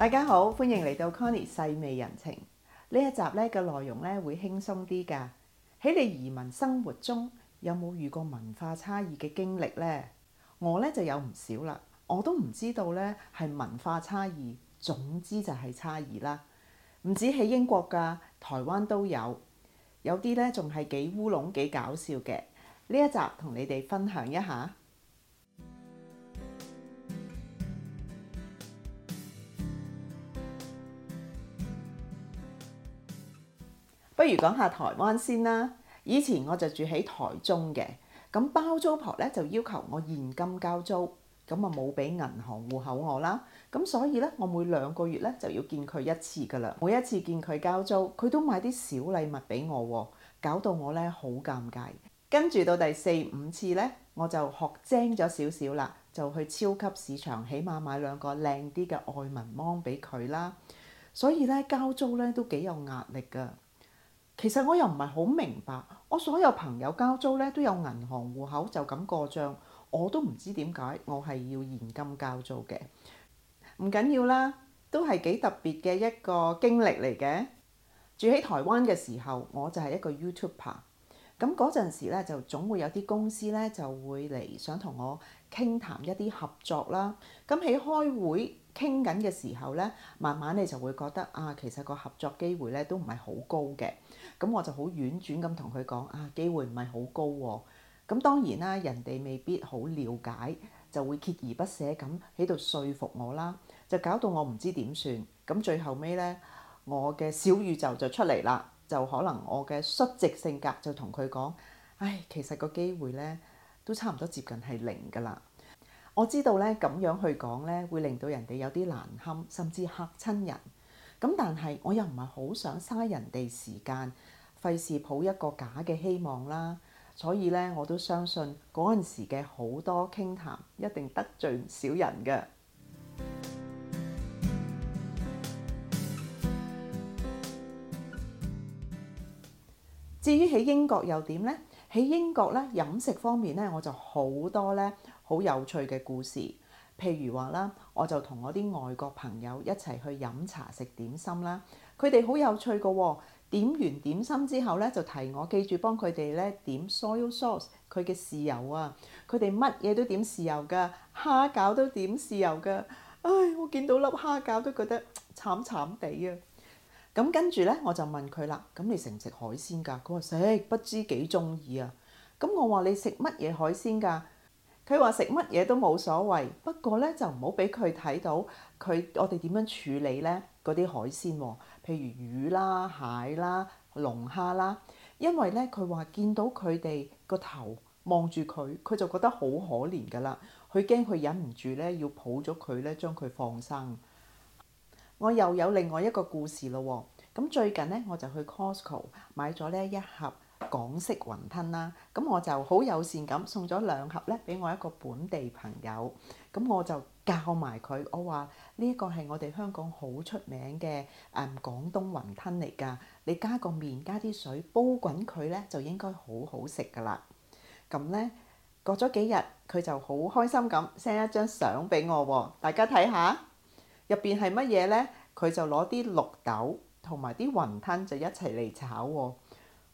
大家好，歡迎嚟到 Conny 細味人情。呢一集呢嘅內容呢會輕鬆啲噶。喺你移民生活中有冇遇過文化差異嘅經歷呢？我呢就有唔少啦，我都唔知道呢係文化差異，總之就係差異啦。唔止喺英國噶，台灣都有，有啲呢仲係幾烏龍幾搞笑嘅。呢一集同你哋分享一下。不如講下台灣先啦。以前我就住喺台中嘅，咁包租婆咧就要求我現金交租，咁啊冇俾銀行戶口我啦。咁所以咧，我每兩個月咧就要見佢一次噶啦。每一次見佢交租，佢都買啲小禮物俾我，搞到我咧好尷尬。跟住到第四五次咧，我就學精咗少少啦，就去超級市場，起碼買兩個靚啲嘅愛文芒俾佢啦。所以咧交租咧都幾有壓力噶。其實我又唔係好明白，我所有朋友交租呢都有銀行戶口就咁過帳，我都唔知點解我係要現金交租嘅。唔緊要啦，都係幾特別嘅一個經歷嚟嘅。住喺台灣嘅時候，我就係一個 YouTuber，咁嗰陣時呢就總會有啲公司呢就會嚟想同我，傾談一啲合作啦，咁喺開會傾緊嘅時候呢，慢慢你就會覺得啊，其實個合作機會咧都唔係好高嘅，咁我就好婉轉咁同佢講啊，機會唔係好高喎，啊。咁當然啦，人哋未必好了解，就會鍥而不捨咁喺度說服我啦，就搞到我唔知點算。咁最後尾呢，我嘅小宇宙就出嚟啦，就可能我嘅率直性格就同佢講，唉，其實個機會呢……」都差唔多接近係零㗎啦。我知道咧咁樣去講咧，會令到人哋有啲難堪，甚至嚇親人。咁但係我又唔係好想嘥人哋時間，費事抱一個假嘅希望啦。所以咧，我都相信嗰陣時嘅好多傾談，談一定得罪唔少人嘅。 至於喺英國又點呢？喺英國咧，飲食方面咧，我就好多咧，好有趣嘅故事，譬如話啦，我就同我啲外國朋友一齊去飲茶食點心啦，佢哋好有趣噶喎，點完點心之後咧，就提我記住幫佢哋咧，點 soy sauce 佢嘅豉油啊，佢哋乜嘢都點豉油噶，蝦餃都點豉油噶，唉我見到粒蝦餃都覺得慘慘地啊！咁跟住呢，我就問佢啦。咁你食唔食海鮮噶？佢話食，不知幾中意啊。咁我話你食乜嘢海鮮噶？佢話食乜嘢都冇所謂，不過呢，就唔好俾佢睇到佢我哋點樣處理呢，嗰啲海鮮，哦，譬如魚啦、蟹啦、龍蝦啦。因為呢，佢話見到佢哋個頭望住佢，佢就覺得好可憐噶啦。佢驚佢忍唔住呢，要抱咗佢呢，將佢放生。我又有另外一個故事咯喎，咁最近咧我就去 Costco 買咗咧一盒港式雲吞啦，咁我就好友善咁送咗兩盒咧俾我一個本地朋友，咁我就教埋佢，我話呢個係我哋香港好出名嘅誒廣東雲吞嚟㗎，你加個麵加啲水煲滾佢咧就應該好好食㗎啦。咁咧過咗幾日佢就好開心咁 send 一張相俾我喎，大家睇下。入邊係乜嘢呢？佢就攞啲綠豆同埋啲雲吞就一齊嚟炒喎、哦。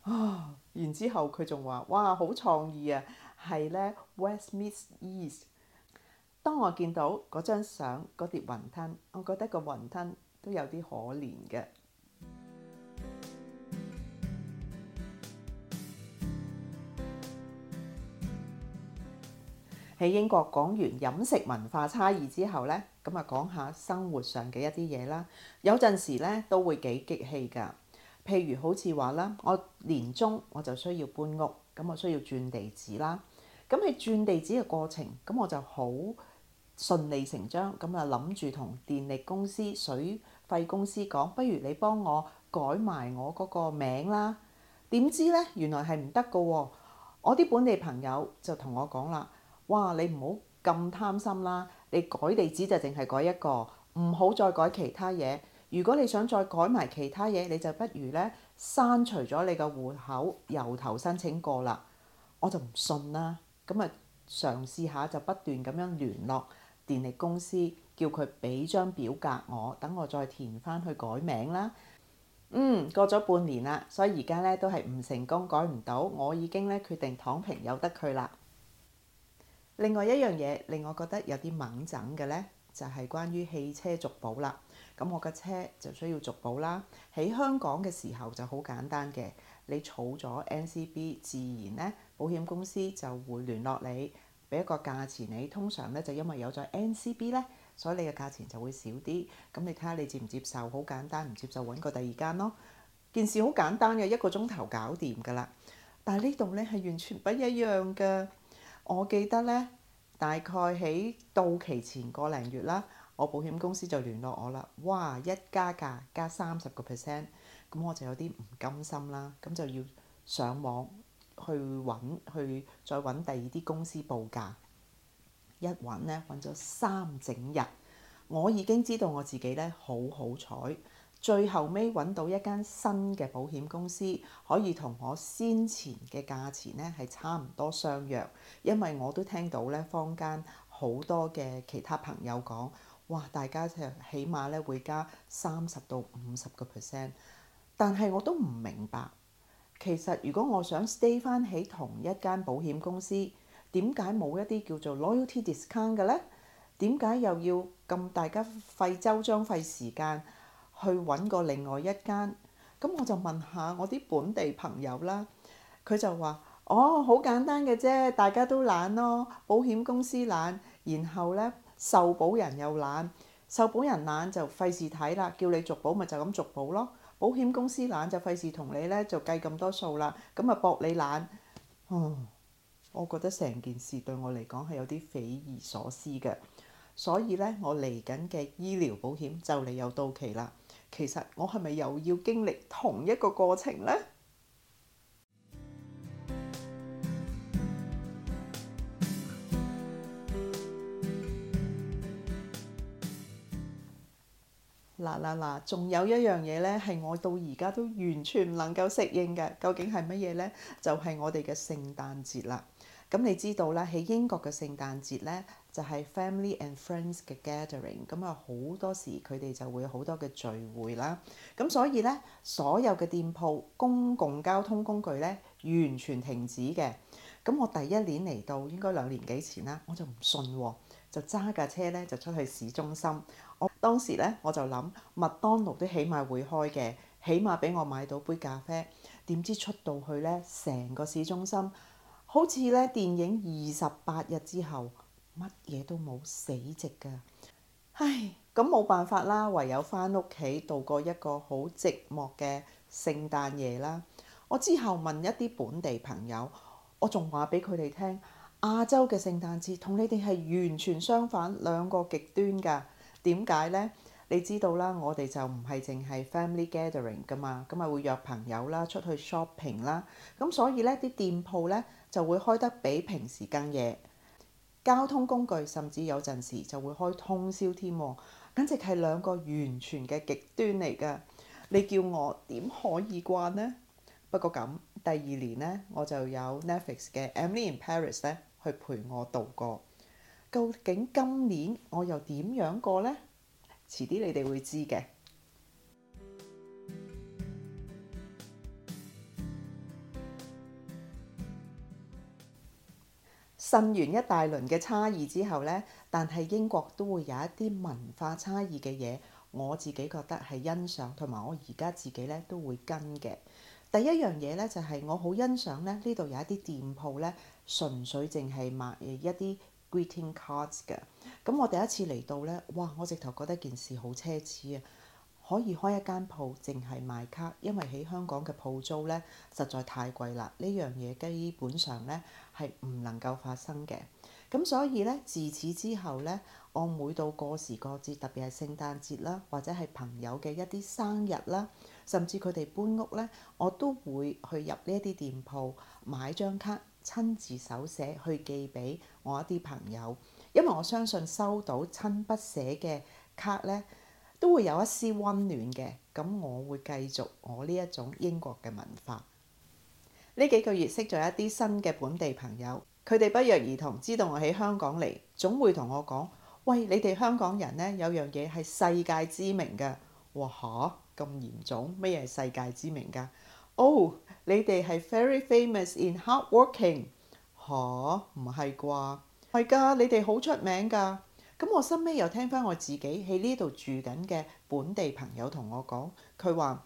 啊，然之後佢仲話：哇，好創意啊！係呢 West meets East。當我見到嗰張相嗰碟雲吞，我覺得個雲吞都有啲可憐嘅。喺英國講完飲食文化差異之後呢，咁啊講下生活上嘅一啲嘢啦。有陣時呢，都會幾激氣㗎。譬如好似話啦，我年終我就需要搬屋，咁我需要轉地址啦。咁喺轉地址嘅過程，咁我就好順理成章咁啊諗住同電力公司、水費公司講，不如你幫我改埋我嗰個名啦。點知呢，原來係唔得㗎喎。我啲本地朋友就同我講啦。哇！你唔好咁貪心啦，你改地址就淨係改一個，唔好再改其他嘢。如果你想再改埋其他嘢，你就不如呢，刪除咗你個戶口，由頭申請過啦。我就唔信啦，咁啊嘗試下就不斷咁樣聯絡電力公司，叫佢俾張表格我，等我再填翻去改名啦。嗯，過咗半年啦，所以而家呢都係唔成功改唔到，我已經呢決定躺平由得佢啦。另外一樣嘢令我覺得有啲掹整嘅呢，就係關於汽車續保啦。咁我嘅車就需要續保啦。喺香港嘅時候就好簡單嘅，你儲咗 NCB，自然呢保險公司就會聯絡你，俾一個價錢你。通常呢就因為有咗 NCB 呢，所以你嘅價錢就會少啲。咁你睇下你接唔接受，好簡單，唔接受揾個第二間咯。件事好簡單嘅，一個鐘頭搞掂㗎啦。但係呢度呢係完全唔一樣㗎。我記得咧，大概喺到期前個零月啦，我保險公司就聯絡我啦。哇！一加價，加三十個 percent，咁我就有啲唔甘心啦。咁就要上網去揾，去再揾第二啲公司報價。一揾咧，揾咗三整日，我已經知道我自己咧好好彩。最後尾揾到一間新嘅保險公司，可以同我先前嘅價錢咧係差唔多相若，因為我都聽到咧坊間好多嘅其他朋友講，哇！大家起起碼咧會加三十到五十個 percent，但係我都唔明白，其實如果我想 stay 翻喺同一間保險公司，點解冇一啲叫做 loyalty discount 嘅呢？點解又要咁大家費周章、費時間？去揾個另外一間，咁我就問下我啲本地朋友啦，佢就話：哦，好簡單嘅啫，大家都懶咯，保險公司懶，然後呢，受保人又懶，受保人懶就費事睇啦，叫你續保咪就咁續保咯，保險公司懶就費事同你呢就計咁多數啦，咁啊博你懶，哦、嗯，我覺得成件事對我嚟講係有啲匪夷所思嘅，所以呢，我嚟緊嘅醫療保險就嚟又到期啦。其實我係咪又要經歷同一個過程呢？嗱嗱嗱，仲 有一樣嘢呢，係我到而家都完全唔能夠適應嘅，究竟係乜嘢呢？就係我哋嘅聖誕節啦。咁你知道啦，喺英國嘅聖誕節呢。就係 family and friends 嘅 gathering，咁啊，好多時佢哋就會有好多嘅聚會啦。咁所以呢，所有嘅店鋪、公共交通工具呢，完全停止嘅。咁我第一年嚟到，應該兩年幾前啦，我就唔信喎，就揸架車呢就出去市中心。我當時呢，我就諗，麥當勞都起碼會開嘅，起碼俾我買到杯咖啡。點知出到去呢，成個市中心好似呢電影二十八日之後。乜嘢都冇，死寂㗎。唉，咁冇辦法啦，唯有翻屋企度過一個好寂寞嘅聖誕夜啦。我之後問一啲本地朋友，我仲話俾佢哋聽，亞洲嘅聖誕節同你哋係完全相反兩個極端㗎。點解呢？你知道啦，我哋就唔係淨係 family gathering 噶嘛，咁咪會約朋友啦，出去 shopping 啦，咁所以呢啲店鋪呢，就會開得比平時更夜。交通工具甚至有陣時就會開通宵添，簡直係兩個完全嘅極端嚟㗎，你叫我點可以慣呢？不過咁第二年呢，我就有 Netflix 嘅 Emily in Paris 呢去陪我度過。究竟今年我又點樣過呢？遲啲你哋會知嘅。呻完一大輪嘅差異之後呢，但係英國都會有一啲文化差異嘅嘢，我自己覺得係欣賞，同埋我而家自己呢都會跟嘅。第一樣嘢呢，就係、是、我好欣賞呢，呢度有一啲店鋪呢，純粹淨係賣一啲 greeting cards 嘅。咁我第一次嚟到呢，哇！我直頭覺得件事好奢侈啊～可以開一間鋪，淨係賣卡，因為喺香港嘅鋪租咧實在太貴啦。呢樣嘢基本上咧係唔能夠發生嘅。咁所以咧自此之後咧，我每到過時過節，特別係聖誕節啦，或者係朋友嘅一啲生日啦，甚至佢哋搬屋咧，我都會去入呢一啲店鋪買張卡，親自手寫去寄俾我一啲朋友，因為我相信收到親筆寫嘅卡咧，都會有一絲溫暖嘅，咁我會繼續我呢一種英國嘅文化。呢幾個月識咗一啲新嘅本地朋友，佢哋不約而同知道我喺香港嚟，總會同我講：喂，你哋香港人呢，有樣嘢係世界知名㗎。哇，咁嚴重？咩嘢係世界知名㗎？哦，oh, 你哋係 very famous in hard working。哈，唔係啩？係㗎，你哋好出名㗎。咁我身尾又聽翻我自己喺呢度住緊嘅本地朋友同我講，佢話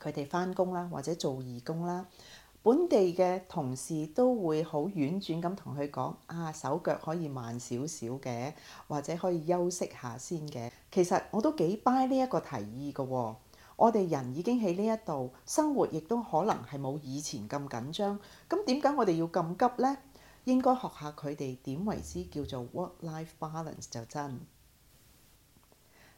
佢哋翻工啦，或者做義工啦，本地嘅同事都會好婉轉咁同佢講，啊，手腳可以慢少少嘅，或者可以休息下先嘅。其實我都幾 buy 呢一個提議嘅喎。我哋人已經喺呢一度生活，亦都可能係冇以前咁緊張。咁點解我哋要咁急呢？應該學下佢哋點為之叫做 work-life balance 就真。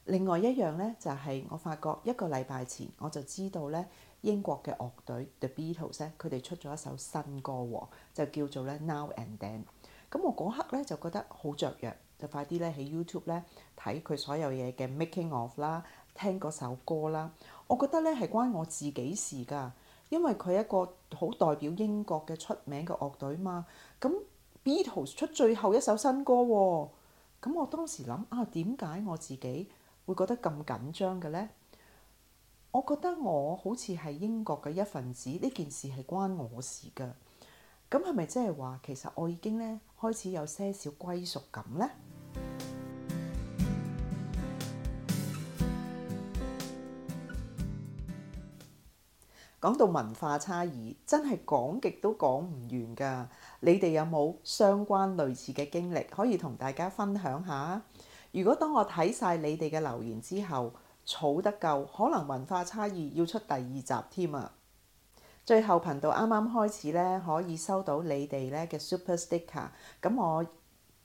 另外一樣呢，就係、是、我發覺一個禮拜前我就知道呢英國嘅樂隊 The Beatles 咧，佢哋出咗一首新歌，就叫做 Now and Then。咁我嗰刻呢，就覺得好雀躍，就快啲咧喺 YouTube 咧睇佢所有嘢嘅 making of 啦，聽嗰首歌啦。我覺得咧係關我自己的事㗎。因為佢一個好代表英國嘅出名嘅樂隊嘛，咁 Beatles 出最後一首新歌喎、哦，咁我當時諗啊，點解我自己會覺得咁緊張嘅呢？我覺得我好似係英國嘅一份子，呢件事係關我事㗎。咁係咪即係話其實我已經咧開始有些少歸屬感呢？講到文化差異，真係講極都講唔完㗎。你哋有冇相關類似嘅經歷，可以同大家分享下？如果當我睇晒你哋嘅留言之後，儲得夠，可能文化差異要出第二集添啊！最後頻道啱啱開始呢，可以收到你哋呢嘅 Super Sticker，咁我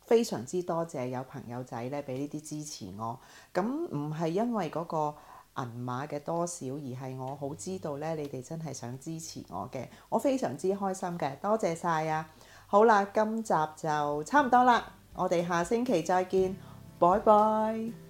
非常之多謝有朋友仔呢俾呢啲支持我。咁唔係因為嗰、嗰個。銀碼嘅多少，而係我好知道呢，你哋真係想支持我嘅，我非常之開心嘅，多謝晒啊！好啦，今集就差唔多啦，我哋下星期再見，拜拜。